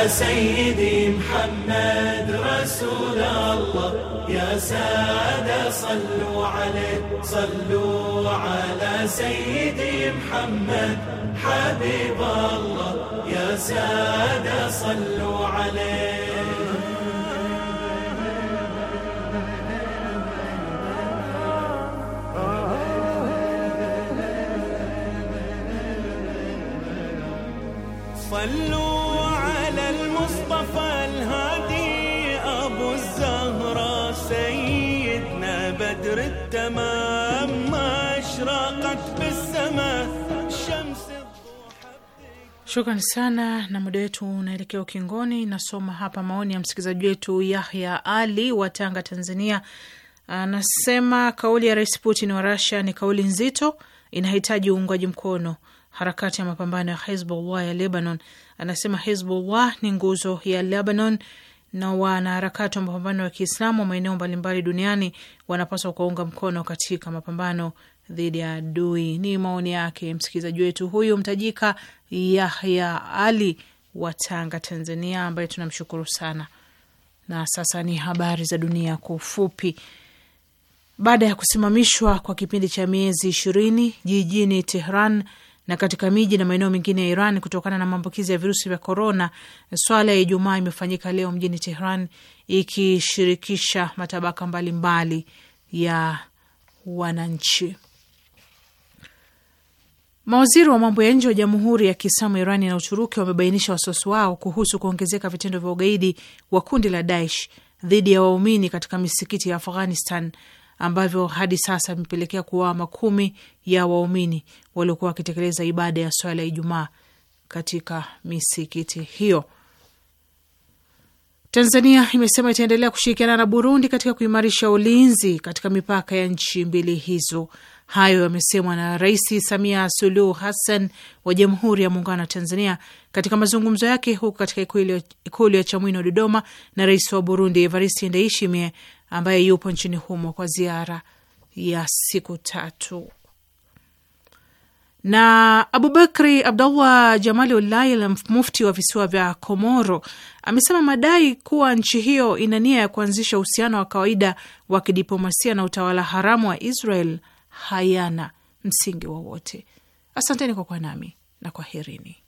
سيدي محمد رسول الله يا سادة صلوا عليه صلوا على سيدي محمد حبيب الله يا سادة صلوا عليه صلوا أبو الزهرة سيدنا بدر التمام ما أشرقت بالسماء Shukran sana, na muda wetu unaelekea ukingoni. Nasoma hapa maoni ya msikilizaji wetu Yahya Ali wa Tanga, Tanzania. Anasema kauli ya Rais Putin wa Rasia ni kauli nzito, inahitaji uungwaji mkono harakati ya mapambano ya Hezbollah ya Lebanon anasema Hezbollah ni nguzo ya Lebanon na wanaharakati wa mapambano ya Kiislamu wa maeneo mbalimbali duniani wanapaswa kuwaunga mkono katika mapambano dhidi ya adui. Ni maoni yake msikilizaji wetu huyu mtajika Yahya Ali wa Tanga, Tanzania, ambaye tunamshukuru sana. Na sasa ni habari za dunia kwa ufupi. Baada ya kusimamishwa kwa kipindi cha miezi ishirini jijini Tehran na katika miji na maeneo mengine ya Iran kutokana na maambukizi ya virusi vya korona. Swala ya Ijumaa imefanyika leo mjini Tehran ikishirikisha matabaka mbalimbali mbali ya wananchi. Mawaziri wa mambo ya nje wa Jamhuri ya Kiislamu Irani na Uturuki wamebainisha wasiwasi wao kuhusu kuongezeka vitendo vya ugaidi wa kundi la Daesh dhidi ya waumini katika misikiti ya Afghanistan ambavyo hadi sasa vimepelekea kuwaa makumi ya waumini waliokuwa wakitekeleza ibada ya swala ya Ijumaa katika misikiti hiyo. Tanzania imesema itaendelea kushirikiana na Burundi katika kuimarisha ulinzi katika mipaka ya nchi mbili hizo. Hayo yamesemwa na Rais Samia Suluhu Hassan wa Jamhuri ya Muungano wa Tanzania katika mazungumzo yake huku katika Ikulu ya Chamwino, Dodoma, na rais wa Burundi Evariste Ndayishimiye ambaye yupo nchini humo kwa ziara ya siku tatu. Na Abubakri abdullah Jamali Ulai, mufti wa visiwa vya Komoro, amesema madai kuwa nchi hiyo ina nia ya kuanzisha uhusiano wa kawaida wa kidiplomasia na utawala haramu wa Israel hayana msingi wowote. Asanteni kwa kuwa nami na kwaherini.